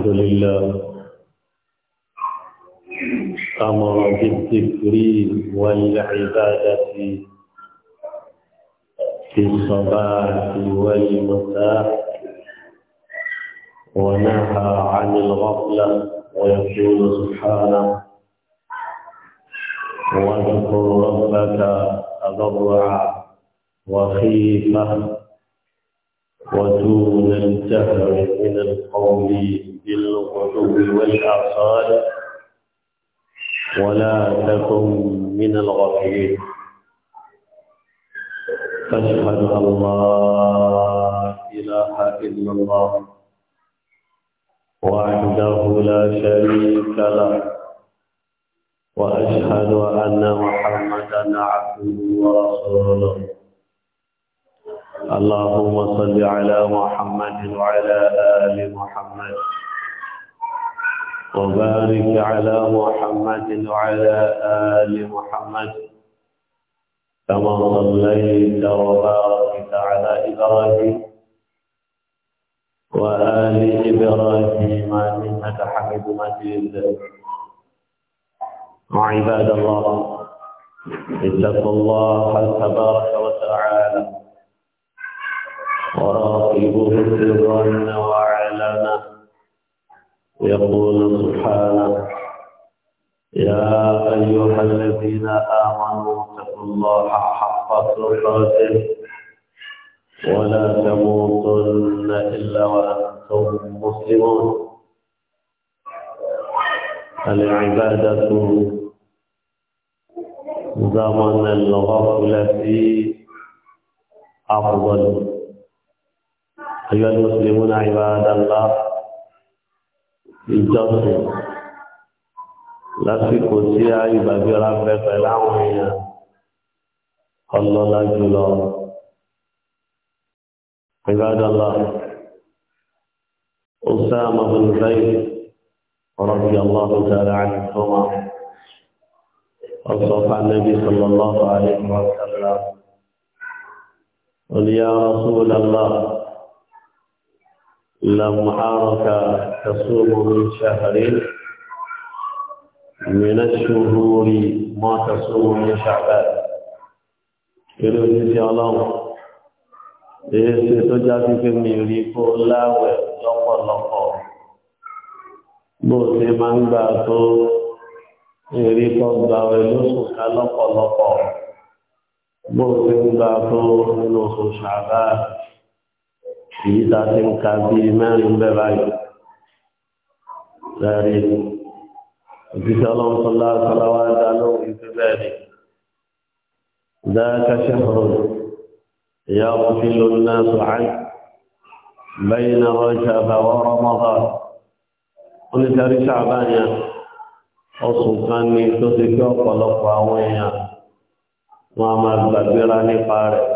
الحمد لله أمر بالذكر والعبادة في الصباح والمساء ونهى عن الغفلة ويقول سبحانه واذكر ربك تضرعا وخيفا ودون الجهر من القول بالغدو والاعصاب ولا تكن من الغافلين أشهد أن لا إله إلا الله وحده لا شريك له وأشهد أن محمدا عبده ورسوله اللهم صل على محمد وعلى آل محمد وبارك على محمد وعلى آل محمد كما صليت وباركت على إبراهيم وآل إبراهيم إنك حميد مجيد وعباد الله اتقوا الله تبارك وتعالى وراقبوه سرا يقول سبحانه يا أيها الذين آمنوا اتقوا الله حق تقاته ولا تموتن إلا وأنتم مسلمون العبادة زمن الغفلة أفضل أيها المسلمون عباد الله ìjọsìn lásìkò tí a ìgbàgbéra fẹ́ pẹ̀lú àwọn èèyàn ọlọ́lá jùlọ ìbádọ́lá Osama bin Zayd رضي الله تعالى عنهما وصف النبي صلى الله عليه وسلم قل يا رسول الله لم عرف تصوم من شهر من الشهور ما تصوم من شعبان كيلو نسي الله إيسي تجاتي في ميريك الله ويطلق الله بوسي من باتو إيريك الله ويطلق الله بوسي من باتو ويطلق شعبان èyí tá a ti ń ka bí mẹ́rin bẹ́ẹ̀ báyìí lẹ́rìí òjíṣẹ́ ọlọ́run sọlá sọlá wa dá lóhùn ìfẹ́ bẹ́ẹ̀ ni ذاك شهر يغفل الناس عنه بين رجب ورمضان oníkàrí ṣàbáyà ọsùn kan ní tó ti kí ọ̀pọ̀lọpọ̀ àwọn èèyàn wọn a máa gbàgbéra nípa rẹ̀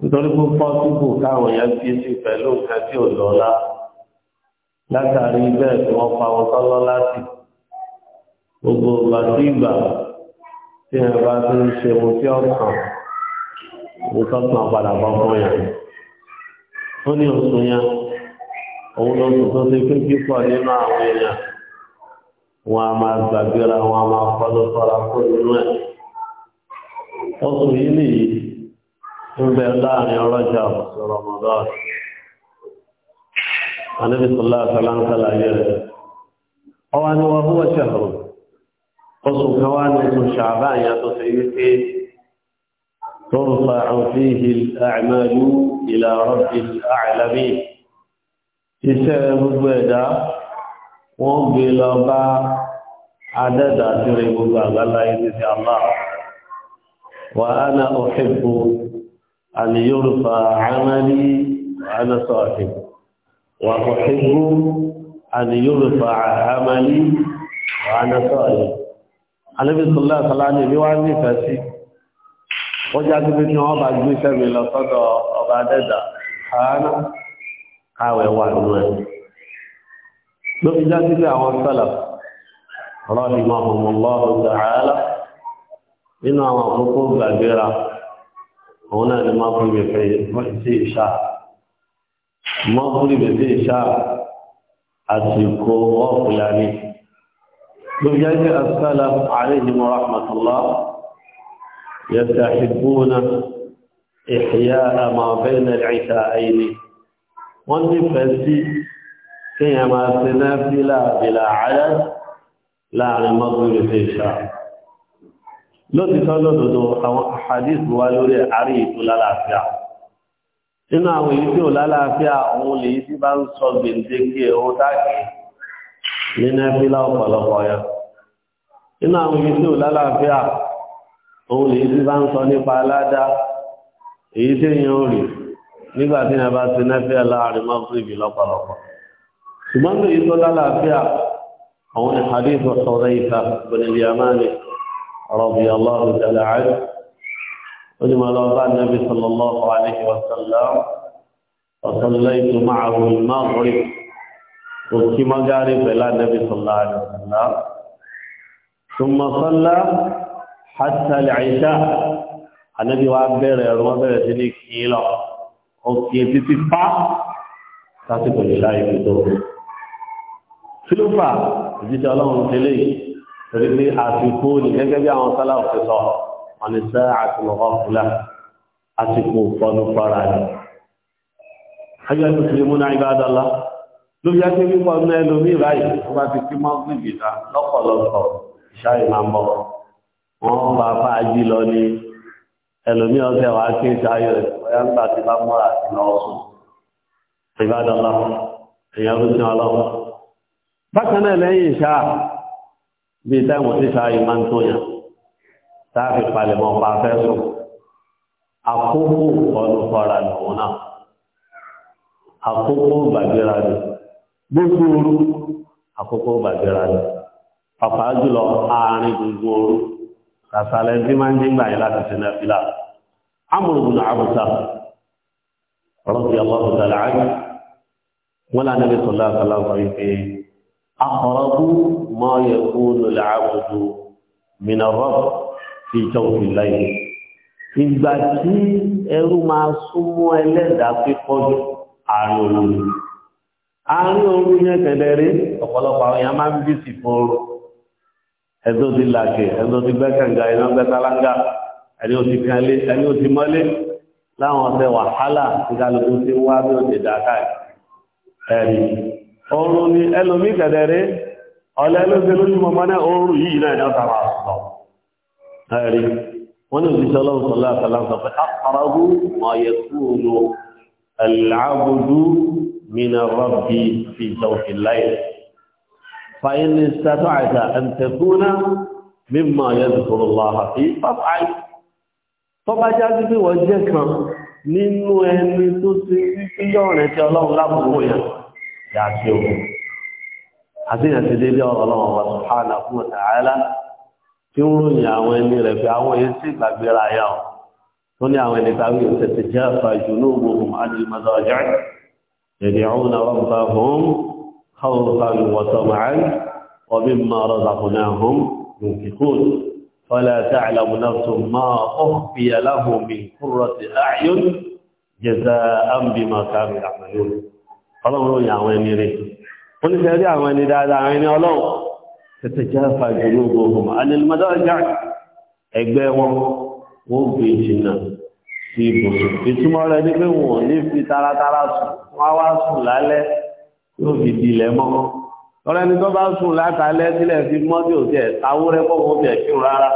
nítorí pé pọ́sibù káwọn èèyàn fi sí pẹ̀lú nǹkan tí ò lọ́lá látàrí bẹ́ẹ̀ tí wọ́n pa wọn tọ́lọ́ láti gbogbo gbàdúgbà tí ẹ bá ti ń ṣe ohun tí ọ̀sán nǹkan kan padà bọ́ fún yẹn ó ní oṣù yẹn òun ló sùn tó ti pé pípọ̀ nínú àwọn èèyàn wọn a máa gbàgbéra wọn a máa fọdọ́ fọra fún inú ẹ̀ oṣù yìí nìyí ń bẹ láàrin ọlọ́jà ọ̀sọ̀rọ̀ mọ̀dọ́ọ̀sì anábì sọlá àtàlánkàlà ayé rẹ̀ ọwọ́ ni wọ́n búwọ́ ṣẹ̀rọ̀ oṣù kan wá ní oṣù ṣàbá àyàn tó ṣe wípé tó ń fa àwòfíhì àmàlú ìlà rọ́bì àìlàmí iṣẹ́ gbogbo ẹ̀dá wọ́n أن يرفع عملي وأنا صاحب وأحب أن يرفع عملي وأنا صاحب النبي صلى الله عليه وسلم fẹ́sí wọ́n jáde bí ní ọba gbéṣẹ́ mi lọ sọ́dọ̀ ọba dẹ́dà ààrẹ káwẹ̀ wà nínú ẹ̀ ló fi jáde bí àwọn sọ́lọ̀ rọ́ọ̀dì mọ́hànmọ́lọ́ọ̀dà ààrẹ nínú àwọn àkókò gbàgbéra òun náà ni mọ́gúrìbì sí ìṣá mọ́gúrìbì sí ìṣá àsìkò ọ̀pùlá ní gbogbo ẹgbẹ́ asálà alayhim wa rahmatullah yastahibbuna ihya'a ma bayna al-'isha'ayn wọ́n nífẹ̀ẹ́ sí kéèyàn láàrin mọ́gúrìbì sí ìṣá lótìtọ́ lódodo àwọn ahadith wa lórí àárín ètò lálàáfíà nínú àwọn èyí tí ò lálàáfíà òun lèyí tí bá ń sọ gbèǹdéke ohun táàkì ní nẹ́fílà ọ̀pọ̀lọpọ̀ yẹn nínú àwọn èyí tí ò lálàáfíà òun lèyí tí bá ń sọ nípa aládá èyí tí èèyàn rè nígbà tí yẹn bá ti nẹ́fíà láàrin mọ́gírìbì lọ́pọ̀lọpọ̀ ṣùgbọ́n lèyí tó lálàáfíà òun ni hadith ọ̀sọ̀rọ̀ ìta bọ̀nìlì àmáàlì رضي الله تعالى عنه ولما لو النبي صلى الله عليه وسلم وصليت معه المغرب وكما مغارب إلى النبي صلى الله عليه وسلم ثم صلى حتى العشاء النبي وعبر رمضان سنك إلى أوكي تتفع تاتي بالله يبدو في الوفاء جيت الله من torí pé àsìkò ní gẹ́gẹ́ bí àwọn sálà òfin sọ wọn ni sẹ́ àtìmọ̀kọ́ fúlà àsìkò fọnù fara rẹ̀. ajá tó ti mú náà ibadallah ló fi jáde wípé ọdún ẹlòmíì báyìí tó bá ti kí mọ́gbìn gbìta lọ́pọ̀lọpọ̀ ìṣáyè máa ń bọ̀ wọ́n bá fà á jí lọ ní ẹlòmíì kí ìṣáyè rẹ̀ lẹ́yìn ìṣáà bí táwọn tí sáà yìí máa ń tó yàn táàfi palẹ̀mọ́ pa fẹ́ sùn àkókò ọdún fọ́ra lòun náà àkókò gbàgbéra rẹ̀ gbogbo òru àkókò gbàgbéra rẹ̀ pàpà jùlọ àárín gbogbo òru kàsàlẹ̀ tí máa ń dín gbà yín láti sinẹ́ fìlà amúrùbùnà àbùsà rọ́bì ọlọ́run tàlẹ́ àjù wọn lànà bí sọlá sọlá sọ yìí akọ̀rọ̀bú ما يكون kó من àbùdó في جوف jọ́fì láyé ìgbà tí ẹrú máa súnmọ́ ẹlẹ́dàá pípọ́jú àárín olómi àárín orí yẹn tẹ̀lẹ̀ rí ọ̀pọ̀lọpọ̀ àwọn èèyàn máa ń bí sí fọ́ọ̀rọ̀ ẹ̀dọ́ ti làkè ẹ̀dọ́ ti gbẹ́kànga iná gbẹ́tàlángà ẹni ó ti kanlé ẹni mọ́lé láwọn ọ̀sẹ̀ wàhálà tí kálukú ti wá bí ó ti dà oòrùn ni ẹlòmí kẹ̀dẹ̀rẹ́ ọ̀lẹ́ ló ṣe lójúmọ̀ mọ́ náà oòrùn yìí náà ẹ̀dá sára sọ ẹ̀rí wọ́n ní òṣìṣẹ́ ọlọ́run sọ̀lá àtàlásọ pé àpàràgù ọ̀yẹ̀kúrò العبد من الرب في جوف الليل فإن استطعت أن تكون مما يذكر الله nínú ẹni tó ti rí pé yọ́rẹ̀ tí ọlọ́run lábúrú yẹn yà sí o àti ìyànjú délé ọlọ́run wa subhanahu wa ta'ala tí ń ròyìn àwọn ẹni rẹ̀ pé àwọn èyí sì gbàgbéra yà ọ́ tó ní àwọn ẹni tàbí òṣèṣẹ̀ jẹ́ àfàjù ní ògbóhùn alìmọ̀dọ̀ ọjọ́ èdè ọ̀hún náà wọ́n bá hùn خوفا وطمعا ومما رزقناهم ينفقون فلا تعلم نفس ما أخفي له من قرة أعين جزاء بما كانوا يعملون ọlọ́run ròyìn àwọn ẹni rẹ̀ wọ́n ní sẹ́rí àwọn ẹni dáadáa àwọn ẹni ọlọ́run tẹ̀tẹ̀ jẹ́ fàájú lógo ọmọ alẹ́lùmọ́dájà ẹgbẹ́ wọn wọ́n gbé jìnnà sí ibùsùn ìtumọ̀ rẹ̀ ní pé wọ́n ní fi taratara sùn wọ́n wá sùn lálẹ́ yóò fi di ilẹ̀ mọ́ ọ̀rọ̀ ẹni tó bá sùn látàlẹ́ sílẹ̀ fi mọ́ bí òtí ẹ̀ táwúrẹ́ pọ̀ wọ́n fi ẹ̀kí rárá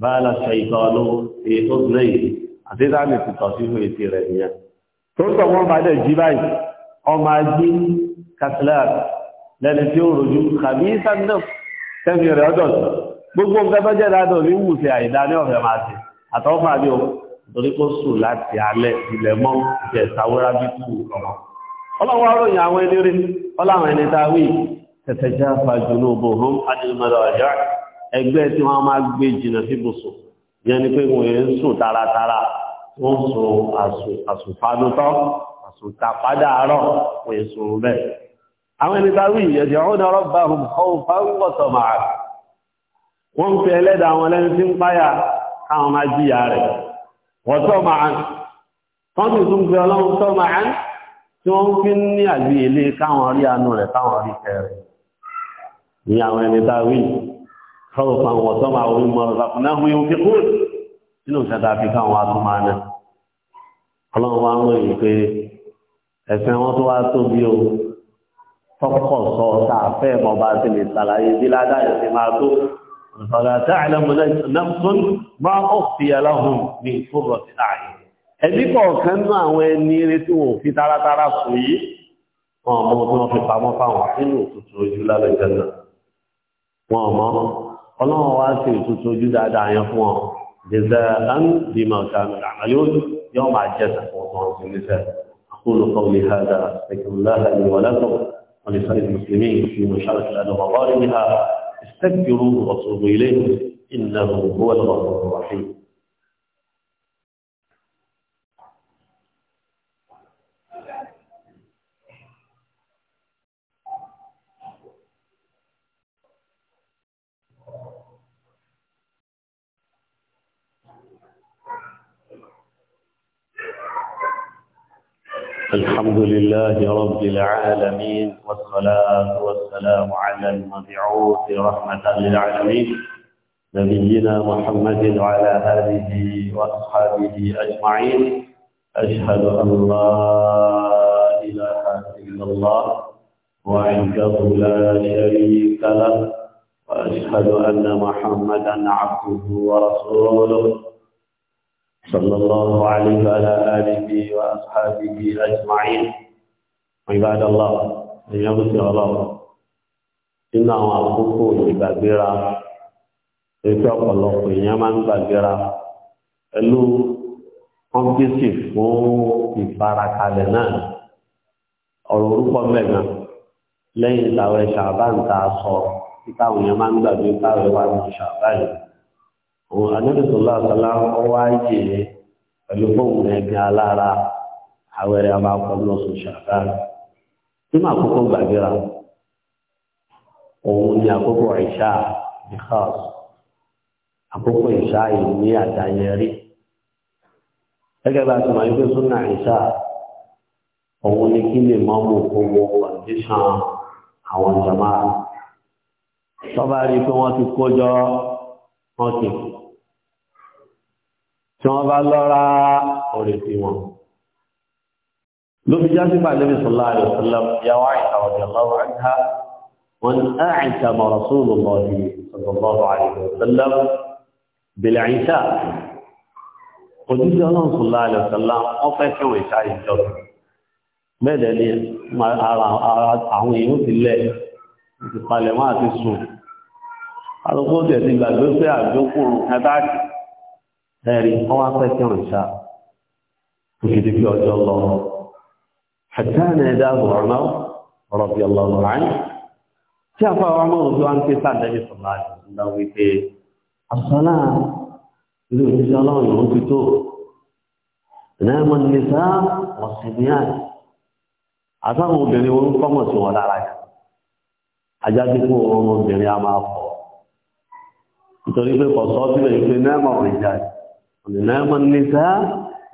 bá a lọ ṣe ìtọ́ ọlọ́wọ́ èyí tó dùn lẹ́yìn ọmọ ajé kasilat lẹ́ni tí ó rojú kàbí sàndọ̀ tẹ́fì rẹ̀ ọdọ̀ gbogbo nǹkan tó jẹ́ dáadọ̀ ní wùsì àìdá ní ọ̀fẹ́ máa ṣe àtọ́fà ní o torí kó sùn láti alẹ́ ilẹ̀ mọ́ jẹ́ ìsàwọ́rá bí kú ọmọ ọlọ́wọ́ aróyìn àwọn eléré ọláwọn ẹni dáwì tẹ̀tẹ̀ já fàájú ní òbò hàn ánìmọ̀lẹ̀ ọ̀já ẹgbẹ́ tí wọ́n máa gbé jìnà sí bùsùn yẹn ni pé wọ́n ń sùn taratara wọ́n sùn àsùnfàdútọ́ àsùtà padà àárọ̀ kò èso bẹ́ẹ̀ àwọn ẹni bá wí ìyẹ̀dì ọ̀hún ọ̀rọ̀ bá hùn kọ́hùn fáwọ́sọ̀ màá wọ́n ń fi ẹlẹ́dà àwọn ẹlẹ́ni tí ń páyà káwọn máa jíyà rẹ̀ wọ́tọ̀ màá wọ́n sì tún fi ọlọ́run tọ́ màá tí wọ́n fi ní àgbé ilé ẹ̀sìn wọn tó wá tóbi o tọkọ̀ sọ tá a fẹ́ mọ̀ bá ti lè ṣàlàyé bí ládàá ti máa tó ọ̀sọ̀lá tá àìlẹ́mú lẹ́sùn máa ń fi aláhùn ní ìfúrọ̀ sí ààyè ẹbí kọ̀ọ̀kan nú àwọn ẹni eré tí wọn ò fi wá sí òtútù ojú dáadáa yẹn fún wọn jẹ́sẹ̀ án bí màkà àmàlẹ́ yóò máa jẹ́ sàkóso ọ̀sìn níṣẹ́ أقول قولي هذا أستغفر الله لي ولكم ولسائر المسلمين في مشاركة الأرض وظالمها استغفروه وتوبوا إليه إنه هو الغفور الرحيم الحمد لله رب العالمين والصلاة والسلام على المبعوث رحمة للعالمين نبينا محمد وعلى آله وأصحابه أجمعين أشهد أن لا إله إلا الله وعنده لا شريك له وأشهد أن محمدا عبده ورسوله صلى الله عليه وعلى آله وأصحابه أجمعين عباد الله ìyàbùsí ọlọ́run nínú àwọn àkókò ìgbàgbéra ètò ọ̀pọ̀lọpọ̀ èèyàn máa ń gbàgbéra pẹ̀lú fún ìfarakalẹ̀ náà ọ̀rọ̀ orúkọ mẹ́gan lẹ́yìn ìtàwẹ̀ ṣàbá sọ títàwọn máa ń gbàgbé wà ní òun àdébìsọ̀lá àtàlá ọwọ́ ayé rẹ̀ pẹ̀lú fóun rẹ̀ gan alára àwẹ̀rẹ̀ àmà kọ́lọ́ sùn ṣàkán tí mà kókó gbàgbéra òun ni àkókò ìṣá ìkọ́s àkókò ìṣá yìí ní àdáyẹrí gẹ́gẹ́ bá ti mọ̀ wípé súnà ìṣá òun ni kí lè mọ́ mú owó kọ̀ǹdíṣàn àwọn jàmáà tọ́ba rí pé wọ́n ti kó jọ wọ́n ti kú tí wọ́n bá lọ́ra orí sí wọn ló fi já sí pàdébí sọlá rẹ̀ sọlá yàwó àìsà ọ̀dẹ̀ lọ́wọ́ àìsà wọn àìsà mọ̀rọ̀ sóòlù lọ́dí sọlọ́lọ́rọ̀ àìsà sọlá bẹ̀lẹ̀ àìsà òjíṣẹ́ ọlọ́run sọlá rẹ̀ sọlá wọ́n fẹ́ fẹ́ wẹ̀ ṣáà ìjọ bẹ́ẹ̀ ni àwọn èèyàn ti lẹ̀ ẹ̀rí ọwọ́ apẹ́kẹ́ òrìṣà òṣèlú bí ọjọ́ lọ ṣàtàánà ẹ̀dá ọ̀rọ̀mọ́ ọ̀rọ̀bí ọlọ́rọ̀ ráyìn tí a fáwọn ọmọ òjò wá ń pè sáà lẹ́yìn sọ̀lá ìṣúná wípé àṣọlá ilé òṣìṣẹ́ ọlọ́run ló ti tó ìnáyẹmọ nìṣá ọ̀sìnìyàn àtàwọn obìnrin a máa fọ̀ nítorí pé kọ̀sọ́ sílẹ̀ ìpè mọ̀ rìn ọ̀nìyàmọ̀ nìta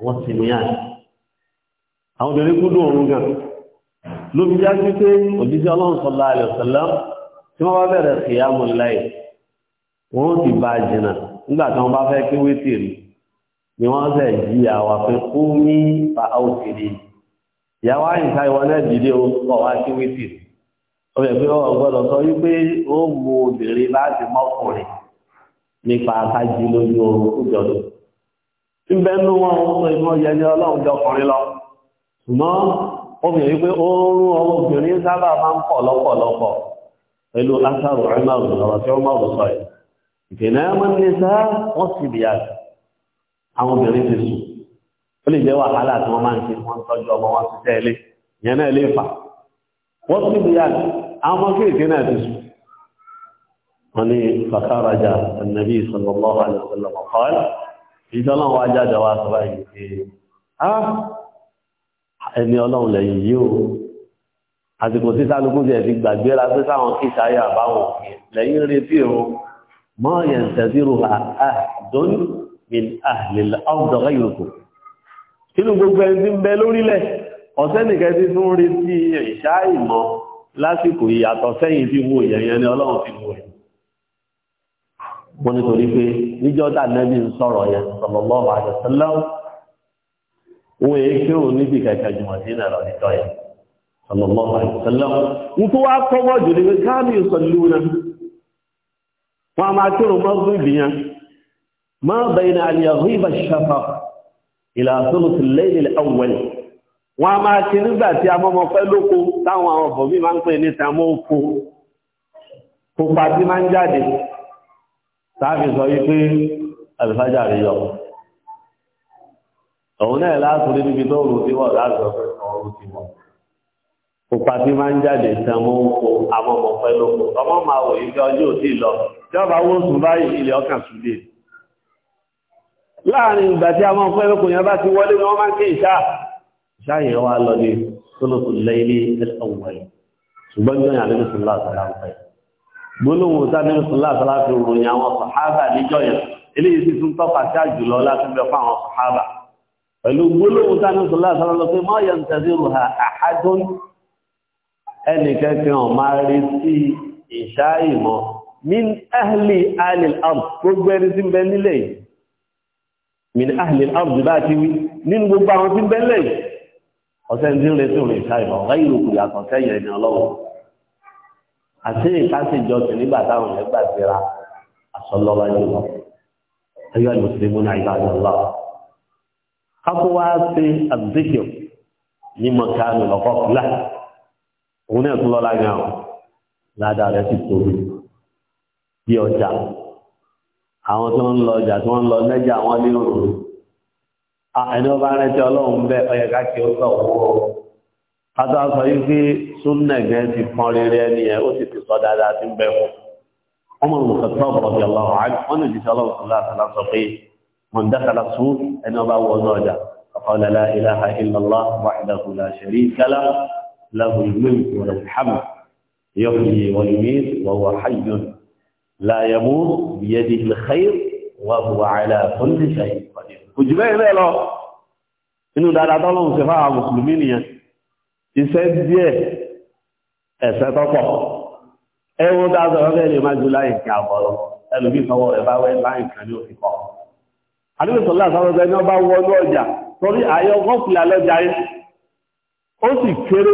wọ́n sì mìíyàn àwọn obìnrin kúndùn ọ̀run gan ló fi já sí pé òjíṣẹ́ ọlọ́run sọ̀lá alẹ́ ọ̀sẹ̀lá tí wọ́n bá bẹ̀rẹ̀ sí àmọ́ láì wọ́n ti bá jìnà nígbà tí wọ́n bá fẹ́ kí wétì rí ni wọ́n fẹ́ jí àwa pé kú ní fa áwòkèrè ìyàwó àyíká ìwọ náà dìde ó kọ̀ wá kí wétì rí ọbẹ̀ pé ọ gbọ́dọ̀ sọ wípé ó mú obìnrin láti mọ́kùnrin nípa akájú lójú oorun kújọ́dún ìbẹ̀nú wọn ọmọ ìmọ̀ yẹni ọlọ́run jọ ọkùnrin lọ ṣùgbọ́n obìnrin wípé oorun ọmọ obìnrin sábà máa ń pọ̀ lọ́pọ̀lọpọ̀ pẹ̀lú látàrù ẹ̀mọ̀rù ọ̀rọ̀ tí ó sallallahu alaihi wasallam ìjọlọ́run wá jáde wá sọ báyìí pé ẹni ọlọ́run lẹ́yìn yìí o àsìkò tí sálùkún jẹ́ ti gbàgbé ra pé sáwọn kí sáyà báwọn òkè lẹ́yìn retí o mọ́ yẹn tẹ̀síru àdón min àlèlà ọ̀dọ̀gá yòókù inú gbogbo ẹni tí ń bẹ lórílẹ̀ ọ̀sẹ́ nìkan ti tún retí wọ́n nítorí pé níjọ́ tá nẹ́bí ń sọ̀rọ̀ yẹn sallallahu alaihi wasallam òun èyí kí òun níbi kẹ̀kẹ́ jùmọ̀ sí ìrìnàlọ́ nítọ́ yẹn sallallahu alaihi wasallam ń tó wá kọ́wọ́ jù ní káàmì yusalluna wọn a máa kírun mọ́gbìn ìbìyàn máa bayna al-yaghib ash-shafaq ila thuluth al-layl al wọn a máa kí nígbà tí amọ́mọ́ fẹ́ lóko táwọn àwọn ọ̀bọ̀ mi máa ń pè ní tamọ́ oko pupa tí máa ń jáde sáàfì sọ wípé àlùfájà rí yọ òun náà látòrí níbi tó rò sí wọ̀ láti ọ̀pẹ̀ ọ̀rọ̀ ti wọ̀ pupa tí máa ń jáde tán mọ́ ń kó amọ́mọ́ pẹ́ lóko ọmọ máa wò yí pé ọjọ́ òtí lọ tí ọba wó sùn báyìí ilẹ̀ ọkàn sùn dé ní tó lóko lẹ́yìn ní ẹ̀sán ṣùgbọ́n yóò yàn lẹ́nu sùn láti ń pẹ́ gbólóhùn sábẹ́rù sọlá sọláfi ròyìn àwọn sàhábà níjọ yẹn eléyìí sì tún tọ́ka sí àjùlọ láti bẹ fún àwọn sàhábà pẹ̀lú gbólóhùn sábẹ́rù sọlá sọláfi pé má yẹn tẹ̀sí ruha àhádùn ẹnìkẹ́kẹ́ ọ̀ máa retí ìṣá ìmọ̀ min ahli alil àti ìkásí ìjọsìn nígbà táwọn yẹn gbà síra àsọlọ́wájú lọ ayọ́ ìmùsùlùmí náà ìgbà àjọlá kápó wá sí àdìkì ní mọ̀kánù lọ́kọ́ fúlá òun náà tún lọ́la gan ọ́ ládàá rẹ̀ sì tóbi bí ọjà àwọn tó ń lọ ọjà tí wọ́n ń lọ lẹ́jà wọn ní òru ẹni ọba rántí ọlọ́run bẹ́ẹ̀ ọyẹ ká kí ó sọ owó súnà gan ti pọn rere ẹni ẹ ó sì ti sọ dáadáa tí ń bẹ fún ọmọ olùkọ́tọ́ ọ̀pọ̀lọpọ̀ ọlọ́run àti wọn lè jíṣẹ́ ọlọ́run sọlá àtàlà sọ pé wọn dákàlà sún ẹni ọba wọ ọdún ọjà ọkọọlẹ la ilaha illallah wahdahu la sharika lahu lahul mulku wa lahul hamd yuhyi wa yumiit wa huwa hayyun la yamut díẹ̀ ẹ̀sẹ̀ tọ́pọ̀ ẹ̀wọ̀n tá a sọ̀rọ̀ bẹ́ẹ̀ lè má ju láì kí àbọ̀rọ̀ ẹlòmí sọwọ́ rẹ̀ bá wẹ́ láì kan ní òfin kọ́ àdúgbò sọ̀rọ̀ àsọ̀rọ̀ bẹ́ẹ̀ ní ọba wọnú ọjà torí àyọ gọ́ọ̀fìlà lọ́jà yìí ó sì kéré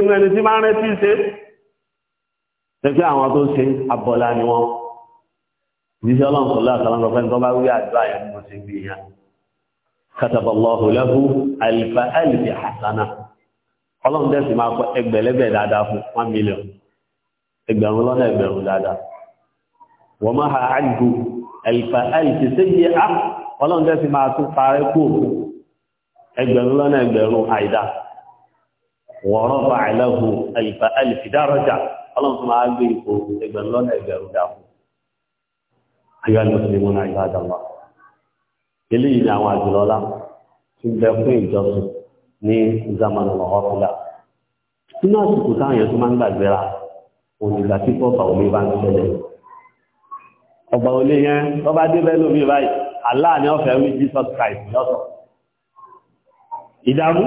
ọlọ́run dẹ́sì máa kọ ẹgbẹ̀lẹ́gbẹ̀ dáadáa fún one million ẹgbẹ̀rún lọ́nà ẹgbẹ̀rún dáadáa wọ́n máa ha àjò ẹ̀lìfà ẹ̀lìfì séjì á ọlọ́run dẹ́sì máa tún parẹ́ kú ẹgbẹ̀rún lọ́nà ẹgbẹ̀rún àìdá wọ́rọ́ bá àìlẹ́hu ẹ̀lìfà ẹ̀lìfì dárọ́jà ọlọ́run tún máa gbé ipò ẹgbẹ̀rún lọ́nà ẹgbẹ̀rún dáadáa ní zaman ọ̀gọ́fúlà nínú àsìkò táwọn èèyàn tó máa ń gbàgbéra òǹdìgbà tí kọ́ọ̀bà olè bá ń ṣẹlẹ̀ ọba olè yẹn lọ́ba débẹ̀ lómi báyìí Allah ni ọ̀fẹ́ wí Jesus Christ lọ́sọ̀ ìdààmú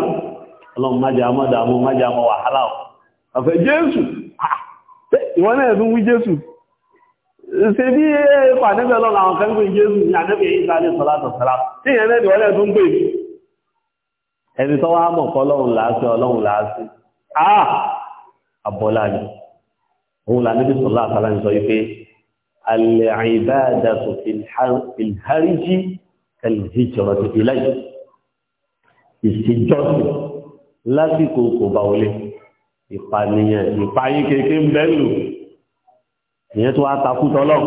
ọlọ́run má jẹ́ àmọ́ dààmú má jẹ́ àmọ́ wàhálà ọ̀fẹ́ Jésù ìwọ náà ẹ̀dùn wí Jésù ṣe bí eh, pàdébẹ̀ lọ́la àwọn kan gbé Jésù ní àdébẹ̀ yìí sáré ẹni tó wá mọ̀ kọ́ lọ́hùn láásí ọlọ́hùn láásí ah abọ́lá ni òun là níbi sọ̀lá àtàlà ń sọ yìí pé alẹ́ àìbáàdà tó ìháríjì kẹlìhìjọ̀rọ̀ ti fi láyé ìṣèjọ́sìn lásìkò kò bá wọlé ìpànìyàn ìpàyín kéèké ń bẹ́lù ìyẹn tó wá takútọ́lọ́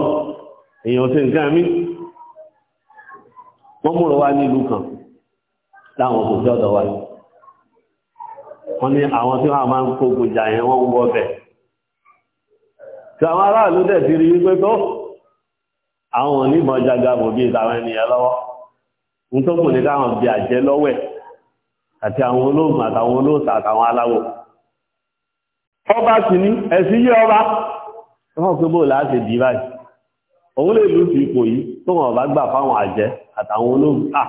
láwọn kò sí ọ̀dọ̀ wọ́n ní àwọn tí wọ́n máa ń kógun jà yẹn wọ́n ń wọ́ bẹ̀ tí àwọn aráàlú dẹ̀ ti rí wípé tó àwọn onímọ̀ jagagbò bí ìtàwọn ènìyàn lọ́wọ́ òun lè lù sí ipò yìí tó wọn bá gbà fáwọn àjẹ́ àtàwọn olóògùn ah!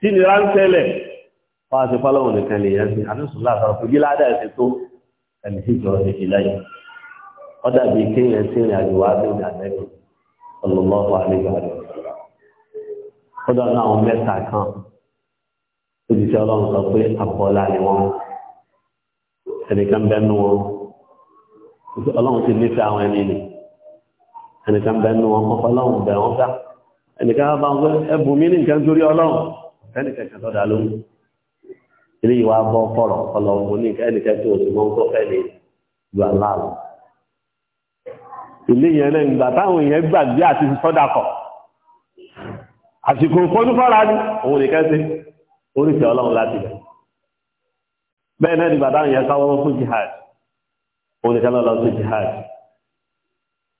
tí nira ń tẹ́lẹ̀ wọ́n á ti pálọ́wọ̀n nìkan lè yẹn sí àdúsùlá àtàwọn kò jí ládàá ẹ̀sìn tó ẹni tí ìjọ ẹ̀sìn láyé wọ́n dàbí kéèyàn sí ìrìn àjò wá sí ìdàmẹ́rin ọlọ́lọ́wọ́ àlejò àjò ó dọ̀ náà mẹ́ta kan ojúṣe ọlọ́run sọ pé àpọ̀ọ́lá ni wọ́n ẹnìkan bẹ́nu wọn ọlọ́run ti nífẹ̀ẹ́ àwọn ẹni nì ẹnìkan bẹ́nu wọn ọlọ́run bẹ̀ wọ́n gbá ẹnìkan bá wọn ẹbùn mí ẹnìkẹ̀kẹ̀ tọ́dà ló ń ilé ìwà bọ́ fọ̀rọ̀ ọlọ́run ní ẹnìkẹ̀kẹ̀ tó ti mọ́ ń kọ́ fẹ́ ní ju aláàlọ́ ilé yẹn lẹ́yìn ìgbà táwọn èèyàn gbàgbé àti sọ́dà kọ̀ àsìkò fọ́dún fọ́ra ní òun nìkan sí oríṣi ọlọ́run láti bẹ̀ bẹ́ẹ̀ náà ìgbà táwọn èèyàn sáwọ́ fún jihad òun nìkan lọ́lọ́ sí jihad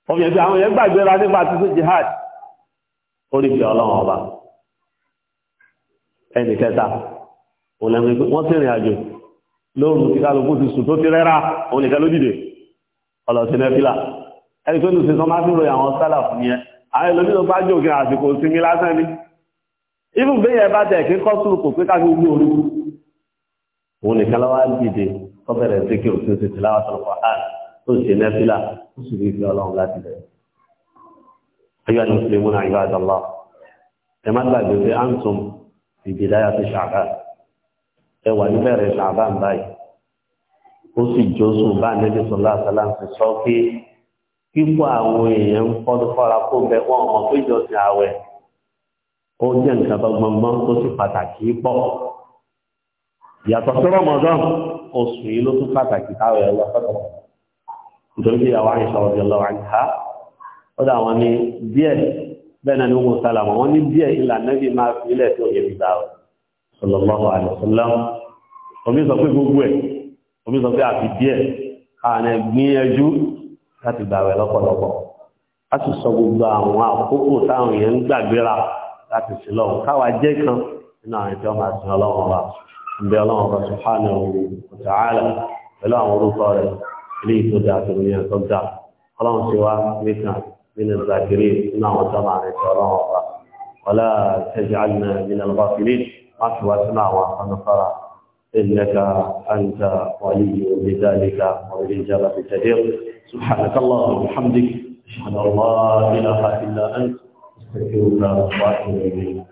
ọmọ yẹn tí àwọn èèyàn gbàgbéra nípa jihad oríṣi ọlọ́run ọba ẹnì kẹta òun lẹ́nu pé wọ́n tìrìn àjò lóòrùn tí kálukú ti sùn tó ti rẹ́ra òun nìkan ló dìde ọlọ́sí nẹ́fílà ẹni pé nùsí sọmá sí ròyìn àwọn sálà fún yẹn àwọn ẹlòmí ló bá jò kí àsìkò sinmi lásán ni ibù bí yẹn bá tẹ̀ kí kọ́ sùn kò pé káfí gbé orí òun nìkan lọ́wọ́ dìde tó bẹ̀rẹ̀ sí kí òsì ti ti láwọ́ sọ̀rọ̀ fàá tó ṣe nẹ́fílà ó sì fi ọlọ́run láti bẹ̀rẹ̀ ayọ́ ni mùsùlùmí náà ìbá àtàlá ẹ má gbàgbé pé antum في بداية شعبان ẹwà níbẹ̀rẹ̀ ṣàbán báyìí ó sì jósù bá nẹ́bí sọlá sọlá ń sọ pé kíkọ àwọn èèyàn ń fọ́dú fọ́ra kó bẹ wọ́n ọmọ tó jọsìn ààwẹ̀ ó jẹ́ nǹkan tó gbọmgbọ́n tó sì pàtàkì pọ̀ yàtọ̀ sí rọmọdán oṣù yìí ló tún pàtàkì táwẹ̀ ẹ̀ lọ́sọ̀tọ̀ nítorí pé àwọn àìsàn ọ̀dẹ̀ lọ́wọ́ àìsàn ó dà wọn ní díẹ̀ bẹ́ẹ̀ ni wọ́n sálàmù wọ́n ní díẹ̀ ilà nẹ́bí máa fi ilẹ̀ tó yẹ gbà ọ́ sallallahu alaihi wasallam omi sọ pé gbogbo ẹ̀ omi sọ pé àfi díẹ̀ ààrẹ gbìyànjú láti gbàwẹ̀ lọ́pọ̀lọpọ̀ a sì sọ gbogbo àwọn àkókò táwọn èèyàn ń gbàgbéra láti sí lọ́wọ́ káwa jẹ́ kan nínú àwọn من الذاكرين إنه وجمع نشاره ولا تجعلنا من الغافلين أحواتنا وأنصر إنك أنت ولي بذلك وبالإجابة الكثير سبحانك الله وبحمدك أشهد أن لا إله إلا أنت استغفرك وأتوب إليك